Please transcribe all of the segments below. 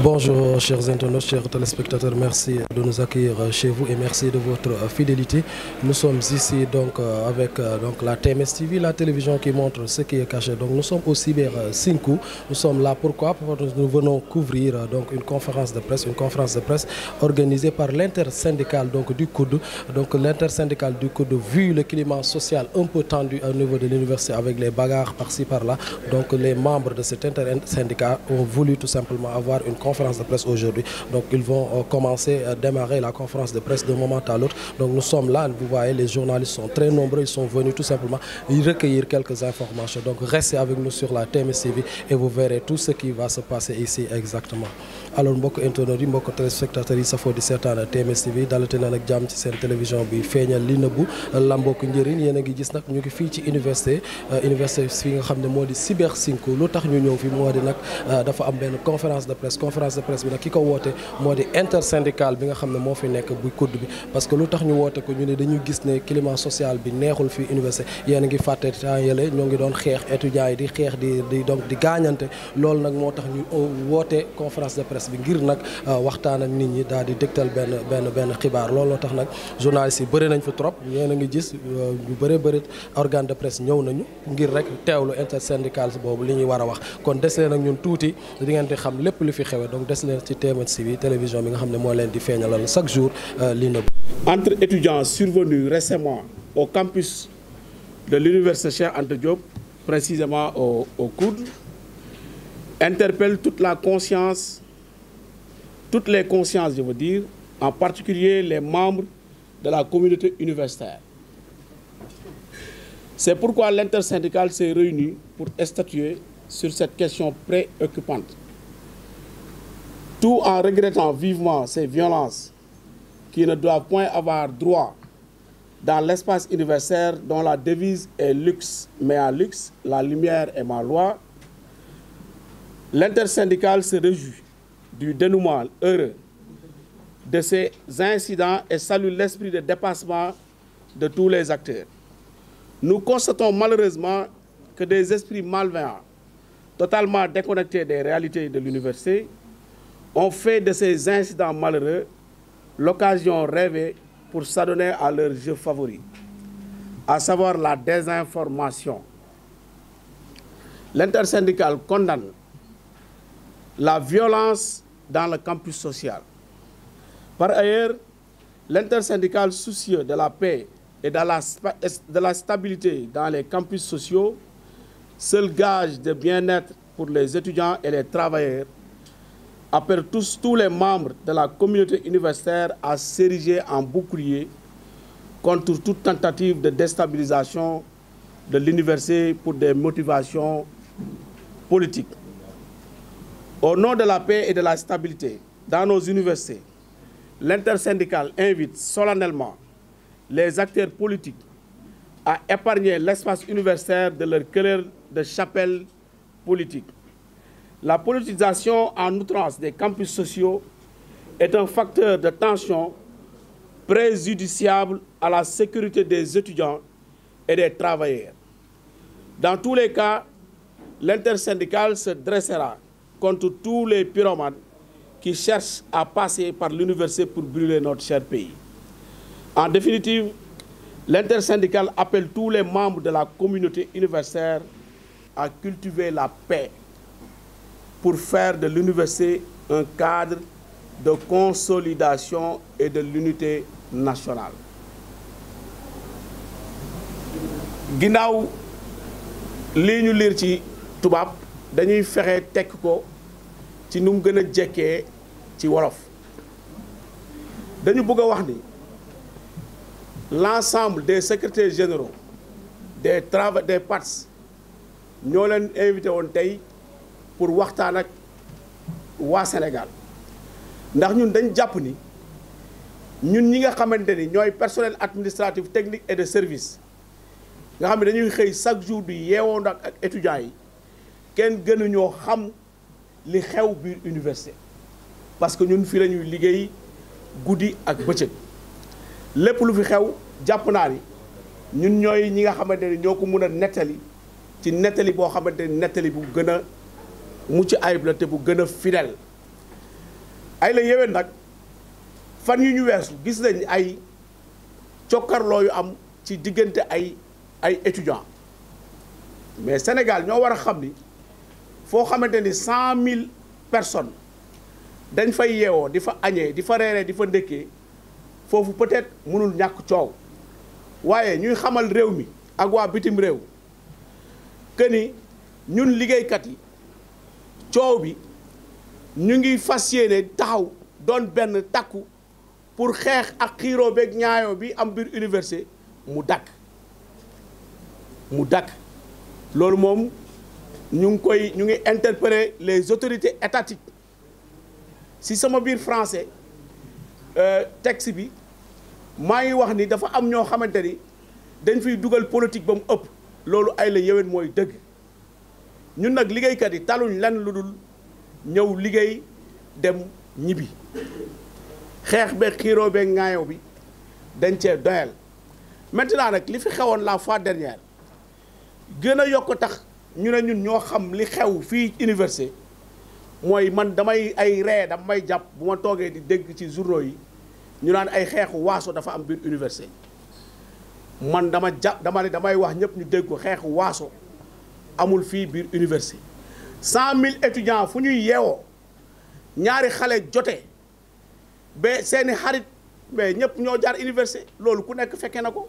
Bonjour chers internautes, chers téléspectateurs, merci de nous accueillir chez vous et merci de votre fidélité. Nous sommes ici donc euh, avec euh, la TMS TV, la télévision qui montre ce qui est caché. Donc nous sommes au Cyber Cinco. Euh, nous sommes là pourquoi nous venons couvrir donc une conférence de presse, une conférence de presse organisée par l'intersyndicale du COUD. vu le climat social un peu tendu au niveau de l'université avec les bagarres par-ci par-là. Donc les membres de cet intersyndicat conférence de presse aujourd'hui. Donc ils vont euh, commencer euh, démarrer la conférence de presse d'un moment à l'autre. Donc nous sommes là, vous voyez, les journalistes sont très nombreux, ils sont venus tout simplement y quelques informations. Donc restez avec nous sur la TMS TV et vous verrez tout ce qui va se passer ici exactement. alors mbokk internet yi mbokk téléspectateurs yi safoo di seetaan TMS TV dalate na nag jàmm ci seen télévision bi feeñal conférence de presse ki ko woote moo di intersyndical bi nga xam ne moo fi nekk bu kudd bi parce que lu tax ñu woote ko ñu ne dañu gis ne climat social bi neexul fii université yéen a ngi fàtte temps yële ñoo ngi doon xeex étudiants yi di xeex di di donc di gaañante loolu nag moo tax ñu euh, woote conférence de presse bi ngir nag euh, waxtaan ak nit ñi daal di dégtal benn benn benn xibaar loolu tax nag journalistes yi bëri nañ fi trop yéen a ngi gis euh, ñu bëri bëri organe de presse ñëw nañu ngir rek a wax kon donc des na ci TMS bi télévision bi nga xam ne moo leen di feeñalal chaque jour euh, lii na. entre étudiants survenus récemment au campus de l'université Cheikh Anta Diop précisément au au COUD interpelle toute la conscience toutes les consciences je veux dire en particulier les membres de la communauté universitaire. C'est pourquoi l'intersyndicale s'est réunie pour statuer sur cette question préoccupante. tout en regrettant vivement ces violences qui ne doivent point avoir droit dans l'espace universaire dont la devise est luxe, mais à luxe, la lumière est ma loi, l'intersyndicale se réjouit du dénouement heureux de ces incidents et salue l'esprit de dépassement de tous les acteurs. Nous constatons malheureusement que des esprits malveillants, totalement déconnectés des réalités de l'université, ont fait de ces incidents malheureux l'occasion rêvée pour s'adonner à leur jeu favori, à savoir la désinformation. L'intersyndicale condamne la violence dans le campus social. Par ailleurs, l'intersyndicale soucieux de la paix et de la, de la stabilité dans les campus sociaux, seul gage de bien-être pour les étudiants et les travailleurs, appelle tous, tous les membres de la communauté universitaire à s'ériger en bouclier contre toute tentative de déstabilisation de l'université pour des motivations politiques. Au nom de la paix et de la stabilité dans nos universités, l'intersyndicale invite solennellement les acteurs politiques à épargner l'espace universitaire de leur querelle de chapelle politique. La politisation en outrance des campus sociaux est un facteur de tension préjudiciable à la sécurité des étudiants et des travailleurs. Dans tous les cas, l'intersyndicale se dressera contre tous les pyromanes qui cherchent à passer par l'université pour brûler notre cher pays. En définitive, l'intersyndicale appelle tous les membres de la communauté universaire à cultiver la paix pour faire de l'université un cadre de consolidation et de l'unité nationale ginnaaw lii ñu liir ci tubaab dañuy fexe tekk ko ci nu mu gën a jekkee ci wolof dañu bëgg a wax ni l'ensemble des secrétaires généraux des travaux des partis ñoo leen invité woon tey pour waxtaan ak waa Sénégal ndax ñun dañ jàpp ni ñun ñi nga xamante ni ñooy personnel administratif technique et de service nga xam ne dañuy xëy chaque jour di yeewoon ak étudiants yi kenn gënuñoo xam li xew biir université parce que ñun fii lañuy liggéey guddi ak bëccëg lépp lu fi xew jàpp naa ni ñun ñooy ñi nga xamante ni ñoo ko mën a nettali ci nettali boo xamante nettali bu gën a mucc ayib la te bu gën a fidèle ay la yéwén nag fan yu ñu weesu gis nañ ay cokkarloo yu am ci diggante ay ay étudiants mais Sénégal ñoo war a xam ni foo xamante ni cent mille personnes dañ fay yeewoo di fa añee di fa reeree di fa ndékkee foofu peut-être mënul ñàkk coow waaye ñuy xamal réew mi ak waa bitim réew que ni ñun liggéeykat yi. coow bi ñu ngi fas yéene taxaw doon benn takku pour xeex ak xiiroo beeg ñaayoo bi am biir université mu dakk mu dakk loolu moom ñu ngi koy ñu ngi interpeller les autorités étatiques si sama biir français euh, texte bi maa ngi wax ni dafa am ñoo xamante ni dañ fiy dugal politique ba mu ëpp loolu ay la yéwén mooy dëgg ñun nag liggéeykat yi taluñ lan lu dul ñëw liggéey dem ñibbi xeex beeg xiiroo beeg ŋaayo bi dañ cee doyal maintenant nag li fi xewoon la fois dernière gën a yokk tax ñu ne ñun ñoo xam li xew fii université mooy man damay ay ree may jàpp bu ma toogee di dégg ci journaux yi ñu naan ay xeexu waaso dafa am biir université man dama jàpp dama ne damay wax ñëpp ñu dégg ko xeexu waaso amul fii biir université cent mille étudiants fu ñuy yeewoo ñaari xale jote ba seeni xarit mais ñëpp ñoo jaar université loolu ku nekk fekkee na ko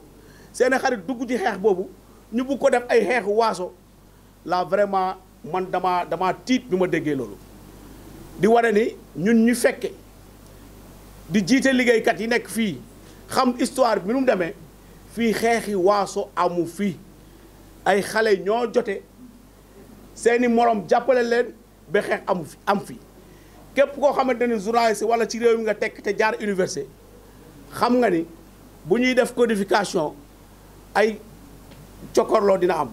seeni xarit dugg ci xeex boobu ñu bugg ko def ay xeexu waaso la vraiment man dama dama tiit bi ma déggee loolu di wane ni ñun ñu fekke di jiite liggéeykat yi nekk fii xam histoire bi nu mu demee fii xeexi waaso amu fii ay xale ñoo jote seeni morom jàppale leen ba xeex amu fi am fi képp koo xamante ne journaliste wala ci réew mi nga tekk te jaar université xam nga ni bu ñuy def codification ay cokkorloo dina am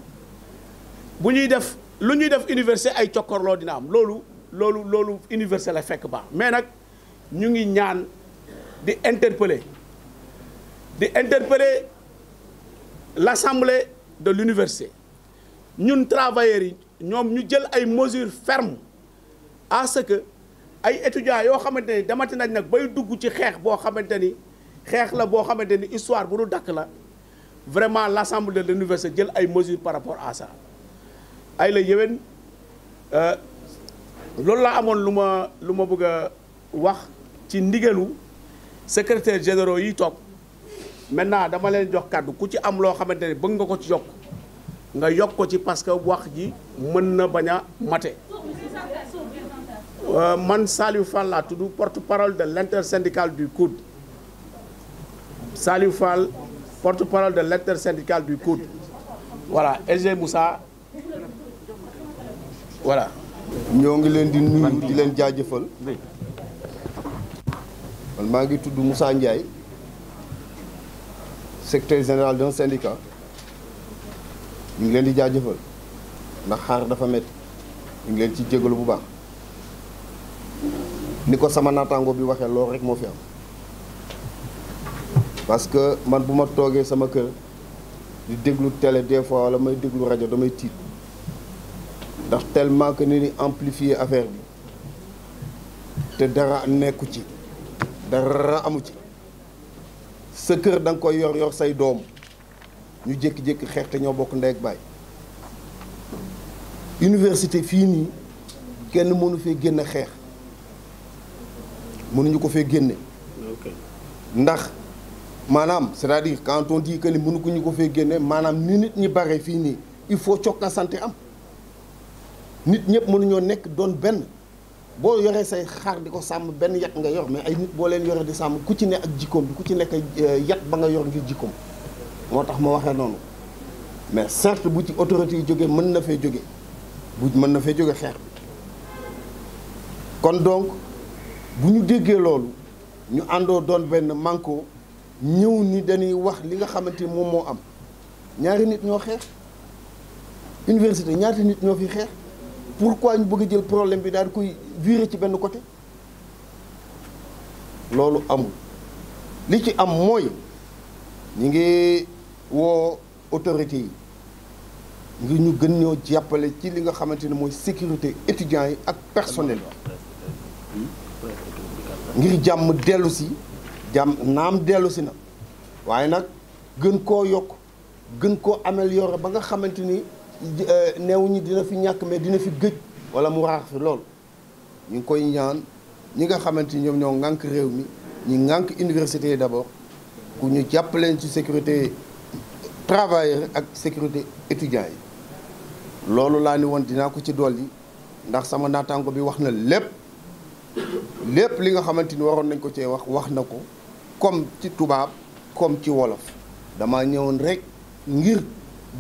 bu ñuy def lu ñuy def université ay cokkorloo dina am loolu loolu loolu université la fekk baax mais nag ñu ngi ñaan di interpeller di interpeller l'assemblée de l'université ñun travailleurs yi ñoom ñu jël ay mesures fermes à ce que ay étudiants yoo xamante ni damati nañ nag bay dugg ci xeex boo xamante ni xeex la boo xamante ni histoire bu nu dakk la vraiment l'assemblée de l'université jël ay mesures par rapport à ça ay la yéwén euh, loolu laa amoon lu ma lu ma bëgg a wax ci ndigalu secretaire généraux yi toog maintenant dama leen jox kàddu ku ci am loo xamante ni bëgg nga ko ci yokk nga yokk ko ci parce que wax ji mën na bañ a mate euh, man Saliou Fall laa tudd porte-parole de l'intersyndicale du COUD Saliou Fall porte-parole de l'intersyndicale du COUD voilà SG Moussa voilà ñoo ngi leen di nuyu di leen jaajëfal man maa ngi tudd Moussa Ndiaye secrétaire général d'un syndicat ñu ngi leen di jaajëfal ndax xaar dafa métti ñu ngi leen ci jégalu bu baax ni ko sama naataango bi waxee loolu rek moo fi am parce que man bu ma toogee sama kër di déglu télé des fois wala may déglu rajo damay tiit ndax tellement que ni ni amplifier affaire bi te dara nekku ci dara amu ci sa kër da nga koy yor yor say doom ñu jékki-jékki xeex te ñoo bokk ndey ak baay université fii nii kenn mënu fee génne xeex mënuñu ko fee génne ndax maanaam c'est-à-dire quand on que ni mënu ko ñu ko fee génne maanaam ni nit ñi bare fii nii il faut cokka santé am nit ñëpp mënuñoo nekk doon benn boo yoree say xaar di ko sàmm benn yat nga yor mais ay nit boo leen yore di sàmm ku ci ne ak jikkoom bi ku ci nekk euh, yat ba nga yor ngir jikkoom moo tax ma waxee noonu mais certes bu ci autorité yi jógee mën na fee jóge bu mën na fee jóge xeex bi kon donc bu ñu déggee loolu ñu àndoo doon benn manko ñëw ni dañuy wax li nga xamante ni moom moo am ñaari nit ñoo xeex université ñaari nit ñoo fi xeex pourquoi ñu bëgg jël problème bi daal di koy virer ci benn côté loolu amul li ci am mooy ñu ngi woo autorité yi ngir ñu gën ñoo jàppale ci li nga xamante ne mooy sécurité étudiants yi ak personnel ngir jàmm dellu si jàmm naam dellu si na waaye nag gën koo yokk gën koo améliorer ba nga xamante ni euh, neew ñi dina fi ñàkk mais dina fi gëj wala mu raax fi lool ñu ngi koy ñaan ñi nga xamante ni ñoom ñoo ŋànk réew mi ñu ŋànk université yi d'abord ku ñu jàppaleen ci sécurité travailleur ak sécurité étudiant yi loolu laa ni woon dinaa ko ci dolli ndax sama naataango bi wax na lépp lépp li nga xamante ni waroon nañ ko cee wax wax na ko comme ci tubaab comme ci wolof dama ñëwoon rek ngir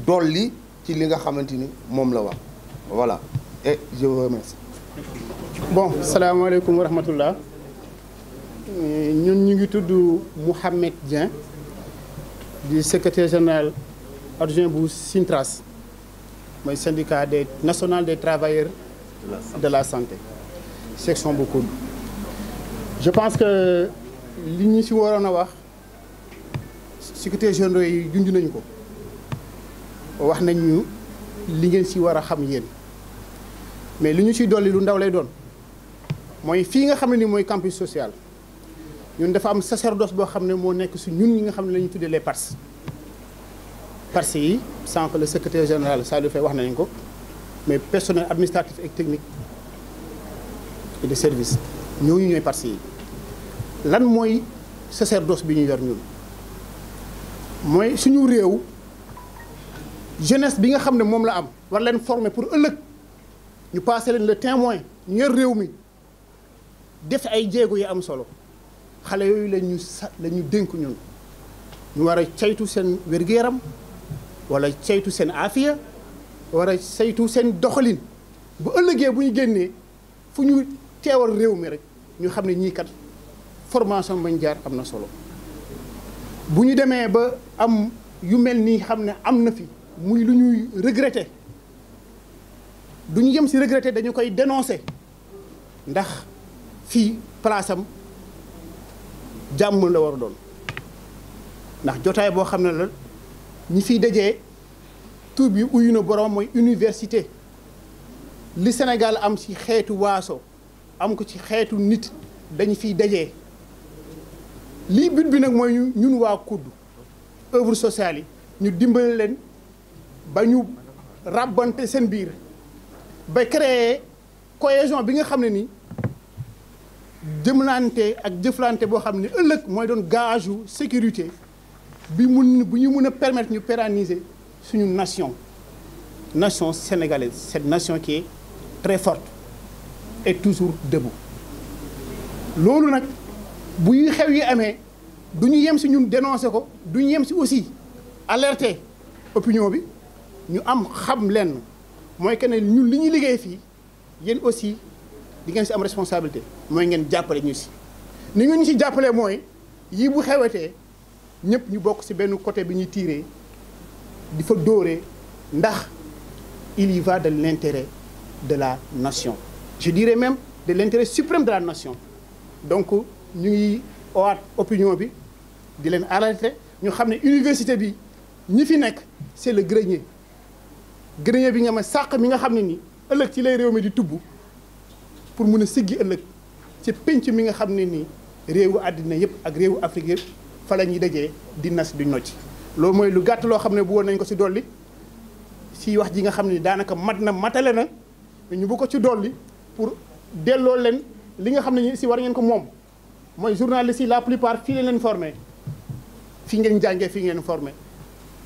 dolli ci li nga xamante ni moom la wax voilà et je bon salaamaaleykum wa rahmatullah euh, ñun ñu ngi tudd Mouhamed Dieng. di secrétaire général adjoint bu Sintras mooy syndicat des national des travailleurs de la santé section bu Koudou je pense que li ñu ci waroon a wax secrétaire généraux yi junj nañu ko wax nañ ñu li ngeen ci war a xam yéen mais li ñu ciy dolli lu ndaw lay doon mooy fii nga xam ni mooy campus social ñun dafa am sacerdoce boo xam ne moo nekk si ñun ñi nga xam ne la ñu tuddee les parcs parcs yi sans que le secretaire général Saliou Faye wax nañ ko mais personnel administratif et technique de service ñooñu ñooy parce yi lan mooy sacerdoce bi ñu yor ñun mooy suñu réew jeunesse bi nga xam ne moom la am war leen former pour ëllëg ñu passé leen le témoin ñu yor réew mi def ay jéego yu am solo xale yooyu la ñu sa la ñu dénk ñun ñu war a caytu seen wér-gu-yaram wala caytu seen aafiya war a saytu seen doxalin bu ëllëgee bu ñu génnee fu ñu teewal réew mi rek ñu xam ne ñii kat formation bañ jaar am na solo bu ñu demee ba am yu mel nii xam ne am na fi muy lu ñuy regretter du ñu yem ci regretter dañu koy dénoncer ndax fii place jàmm la war a doon ndax jotaay boo xam ne la ñi fiy dajee tur bi uyu na borom mooy université li Sénégal am ci xeetu waaso am ko ci xeetu nit dañu fi dajee lii but bi nag mooy ñun waa kudd œuvre sociale yi ñu dimbale leen ba ñu ràbbante seen biir ba créer cohésion bi nga xam ne nii jëmlante ak jëflante boo xam ne ëllëg mooy doon gage u sécurité bi mun bu ñu mun a permettre ñu pérenniser suñu nation nation sénégalaise cette nation qui est très forte et toujours debout loolu nag bu ñu xew yi amee du ñu yem si ñun dénoncer ko du ñu yem si aussi alerter opinion bi ñu am xam lenn mooy que ne ñun li ñu liggéey fii yéen aussi di ngeen si am responsabilité mooy ngeen jàppale ñu si ni ngeen ñu si jàppale mooy yii bu xewetee ñëpp ñu bokk si benn côté bi ñuy tiiree di fa dóoree ndax il y va de l'intérêt de la nation je dirais même de l'intérêt suprême de la nation donc ñu ngi owaat opinion bi di leen alerter ñu xam ne université bi ñi fi nekk c'est le grenier grenier bi nga ma sàq mi nga xam ne ni ëllëg ci lay réew mi di tubb pour mun a siggi ëllëg ci pénc mi nga xam ne nii réewu àddina yëpp ak réewu Afrique yëpp fa la ñuy dajee di nas di nocc loolu mooy lu gàtt loo xam ne bu nañ ko si dolli si wax ji nga xam ne daanaka mat na matale na ñu bu ko ci dolli pour delloo leen li nga xam ne si war ngeen ko moom mooy journaliste yi la plupart fii leen leen formé fii ngeen jàngee fii ngeen formé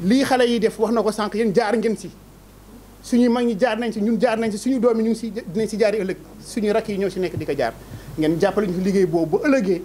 lii xale yi def wax na ko sànq yéen jaar ngeen si suñuy mag ñi jaar nañ si ñun jaar nañ si suñu doom yi ñu ngi si dinañ si jaari ëllëg suñu rakk yi ñoo si nekk di ko jaar ngeen jàppale ñu si liggéey boobu ba ëllëgee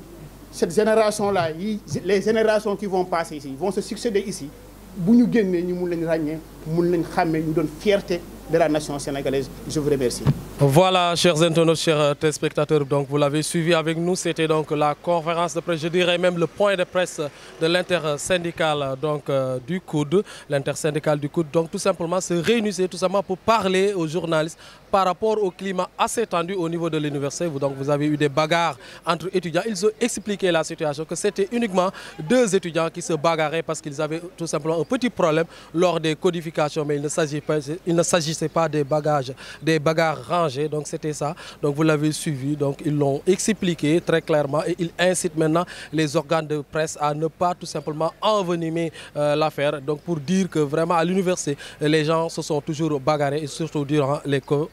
cette génération là yi les générations qui vont passer ici vont se succéder ici bu ñu génnee ñu mun lañu ràññee mun leen xàmmee ñu doon fierté de la nation sénégalaise je vous remercie Voilà, chers internautes, chers euh, téléspectateurs, donc vous l'avez suivi avec nous, c'était donc la conférence de presse, je dirais même le point de presse de l'intersyndicale donc euh, du coude, l'intersyndicale du donc tout simplement se réunissait tout simplement pour parler aux journalistes par rapport au climat assez tendu au niveau de l'université. Vous, donc vous avez eu des bagarres entre étudiants. Ils ont expliqué la situation qui se bagarraient parce qu'ils avaient tout simplement un petit problème lors des codifications, mais il ne s'agissait pas, il ne changé, donc c'était ça. Donc vous l'avez suivi, donc ils l'ont expliqué très clairement et ils incitent les organes de presse à ne pas tout simplement envenimer euh, l'affaire. Donc pour dire que vraiment à l'université, les gens se sont toujours bagarrés et surtout durant les co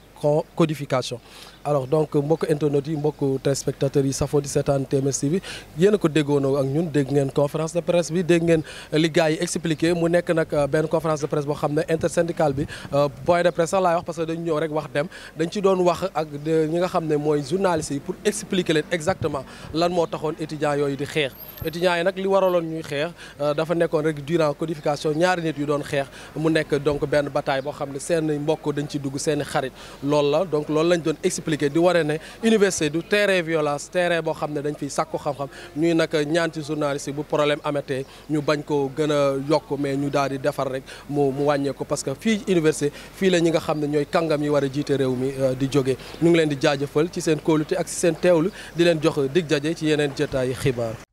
codifications. alors donc mbokk internautes yi mbokk téléspectateurs yi safo di seetaan TMS TV bi yéen a ko déggoonoo ak ñun dégg ngeen conférence de presse bi dégg ngeen li yi expliqué mu nekk nag euh, benn conférence de presse boo xam ne intersyndical bi euh, point de presse sax laay wax parce que dañu ñëw rek wax dem dañ ci doon wax ak ñi nga xam ne mooy journalistes yi pour expliquer leen exactement lan moo taxoon étudiants yooyu di xeex étudiants yi nag li waraloon ñuy xeex euh, dafa nekkoon rek durant codification ñaari nit yu doon xeex mu nekk donc benn bataille boo xam ne seen mbokk dañ ci dugg seen i xarit loolu la donc loolu lañ doon expliqué expliqué di waree ne université du terrain violence terrain boo xam ne dañ fiy sàkku xam-xam ñuy nag ñaanti ci bu problème amatee ñu bañ ko gën a yokk mais ñu daal di defar rek mu mu wàññee ko parce que fii université fii la ñi nga xam ne ñooy kàngam yi war a jiite réew mi euh, di jógee ñu ngi leen di jaajëfal ci seen kóolute ak ci seen teewlu di leen jox dig jaje ci yeneen jotaay xibaar